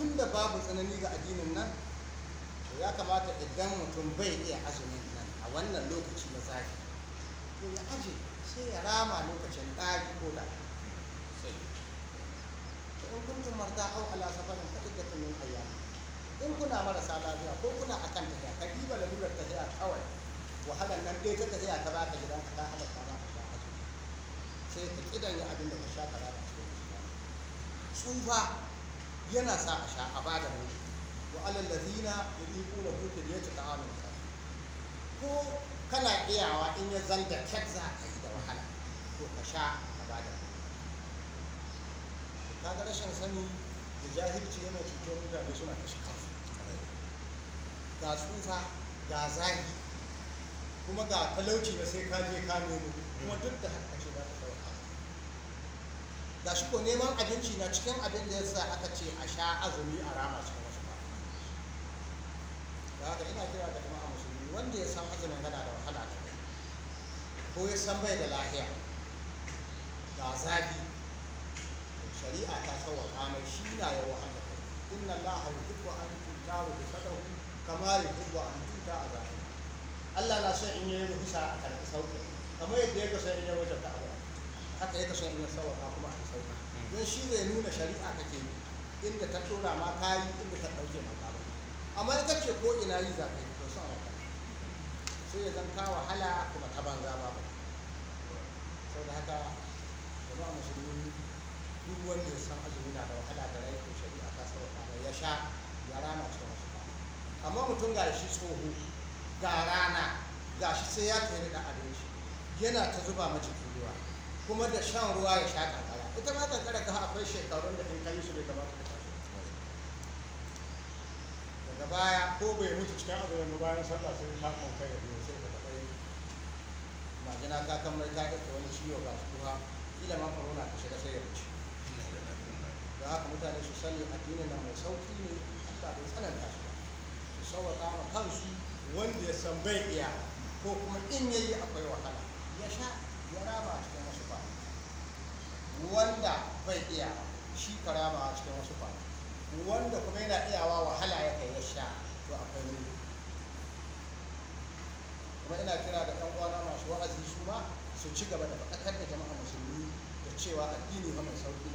tun da babu tsanani ga addinin nan to ya kamata idan mutum bai iya azumin nan a wannan lokaci na zafi to ya aje sai ya rama lokacin ɗari ko da in tun marta au ala safarin da tunin ayyam in kuna marasa lafiya ko kuna akan tafiya ka diba lalurar tafiya kawai wahalar nan dai ta tafiya ta baka gidan ka ta halatta ba ka sai ka kidan ya abin da ka sha ka Sun fa. yana sa a sha a bada mai wa alal ladina yuqulu hu fidyatu ta'amun ko kana iyawa in ya zanda kek za ka yi da wahala ko ka sha a bada mai ga rashin sani da jahilci yana cutar mutane suna kashe kansu ga tsufa ga zagi kuma ga talauci da sai ka je ka nemo kuma duk da ga shi ko neman abinci na cikin abin da ya sa aka ce a sha azumi a rama cikin wasu ba da haka ina kira da jama'a musulmi wanda ya san azumin gana da wahala ta ko ya san bai da lahiya ga zafi shari'a ta sauwaka mai shi na ya wahala inna allaha yuhibbu an tutaru bi sadahu kama yuhibbu an tuta azabi Allah na son in yi ruhusa a karɓi sauƙi kamar yadda ya kaso in yi wajen ta'awa haka ya kaso in sauka kuma a sauka don shi zai nuna shari'a kake yi inda ta tura ma ka yi inda ta ɗauke ma ba amma ita ce ko ina yi za ka yi to son wata sai ya zanka wahala kuma ta banza ba ba sau da haka mu musulmi duk wanda ya san azumi na da wahala da rai ko shari'a ta sauka ba ya sha ya rana ce wasu ba amma mutum ga shi tsoho ga rana ga shi sai ya tsere da abinci yana ta zuba mace ruwa kuma da shan ruwa ya sha kankara ita ma kankara ka akwai shekarun da in yi su bai kamata ta tashi daga baya ko bai mutu cikin yanzu bayan sallah sai ta kan kai da sai ka taɓa yi majina ta kamar ta ɗauke wani ciwo ga su kuma kila ma corona ta shiga sai ya wuce da haka mutane su sani addini na mai sauki ne Allah bai tsananta su su sauwaka ma kansu wanda ya san bai iya ko kuma in yayi akwai wahala ya sha wanda bai iya shi ma a cikin wasu kwana wanda kuma yana iyawa wahala ya kai ya sha to akwai ne kuma ina kira da ɗan uwana masu wa'azi su ma su ci gaba da faɗakar da jama'a musulmi da cewa addini fa mai sauki